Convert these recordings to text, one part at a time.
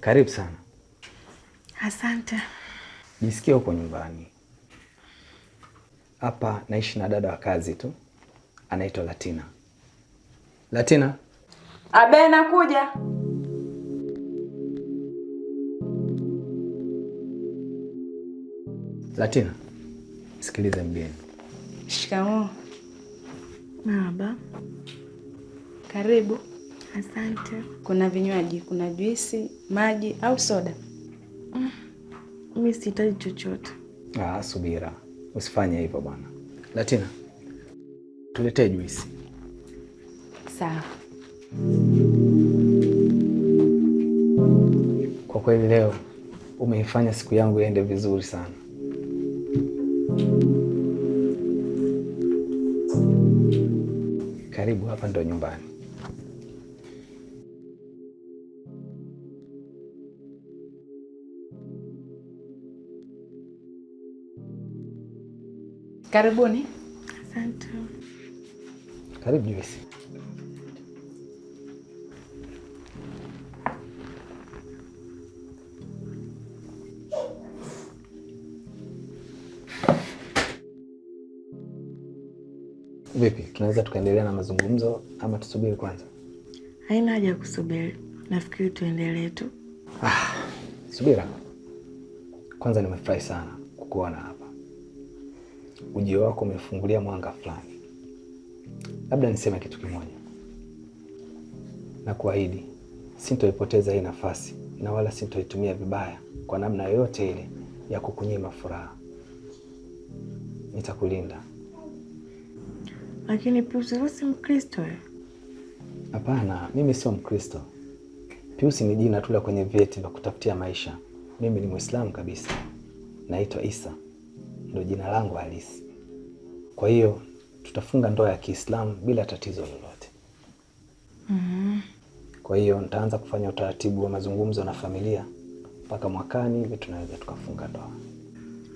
Karibu sana. Asante. Jisikia huko nyumbani. Hapa naishi na dada wa kazi tu, anaitwa Latina. Latina, abe nakuja. Latina, sikiliza mgeni. Shikamoo. Marhaba. Karibu. Asante. Kuna vinywaji, kuna juisi, maji au soda? Mm, sihitaji chochote. Ah, subira, usifanye hivyo bwana. Latina, tuletee juisi. Sawa. Kwa kweli leo umeifanya siku yangu iende vizuri sana. Karibu, hapa ndo nyumbani. Karibuni. Asante. Karibu Joyce. Vipi, tunaweza tukaendelea na mazungumzo ama tusubiri kwanza? Haina haja ya kusubiri, nafikiri tuendelee tu. Ah, Subira, kwanza nimefurahi sana kukuona hapa. Ujio wako umefungulia mwanga fulani. Labda niseme kitu kimoja, na kuahidi sintoipoteza hii nafasi na wala sintoitumia vibaya kwa namna yoyote ile ya kukunyima furaha. Nitakulinda. Lakini Pius wewe si Mkristo? Eh? Hapana, mimi sio Mkristo. Pius ni jina tu la kwenye vyeti vya kutafutia maisha. Mimi ni Muislamu kabisa, naitwa Isa, ndio jina langu halisi. Kwa hiyo tutafunga ndoa ya Kiislamu bila tatizo lolote. mm -hmm. Kwa hiyo nitaanza kufanya utaratibu wa mazungumzo na familia mpaka mwakani hivi tunaweza tukafunga ndoa.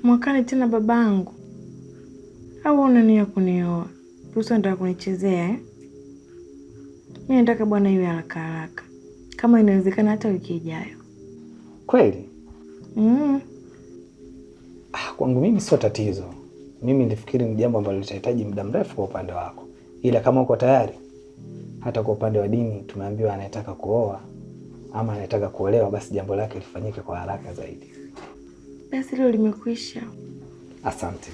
Mwakani tena babangu? Au una nia kunioa? Ruhusa ndio kunichezea eh? Mimi nataka bwana iwe haraka haraka kama inawezekana hata wiki ijayo. Kweli? Mm. Ah, kwangu mimi sio tatizo. Mimi nilifikiri ni jambo ambalo litahitaji muda mrefu kwa upande wako, ila kama uko tayari, hata kwa upande wa dini tumeambiwa anayetaka kuoa ama anayetaka kuolewa, basi jambo lake lifanyike kwa haraka zaidi. Basi hilo limekwisha. Asante.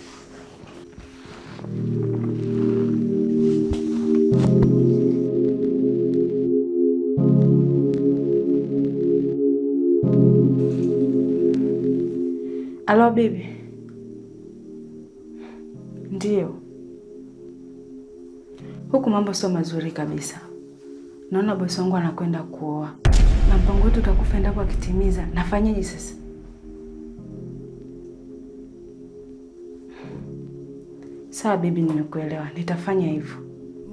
Alo, bibi. Ndiyo, huku mambo sio mazuri kabisa. Naona bosi wangu anakwenda kuoa, na mpango wetu utakufa endapo akitimiza. Nafanyaje sasa? Sawa bibi, nimekuelewa, nitafanya hivyo.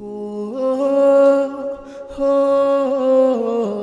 Oh, oh, oh.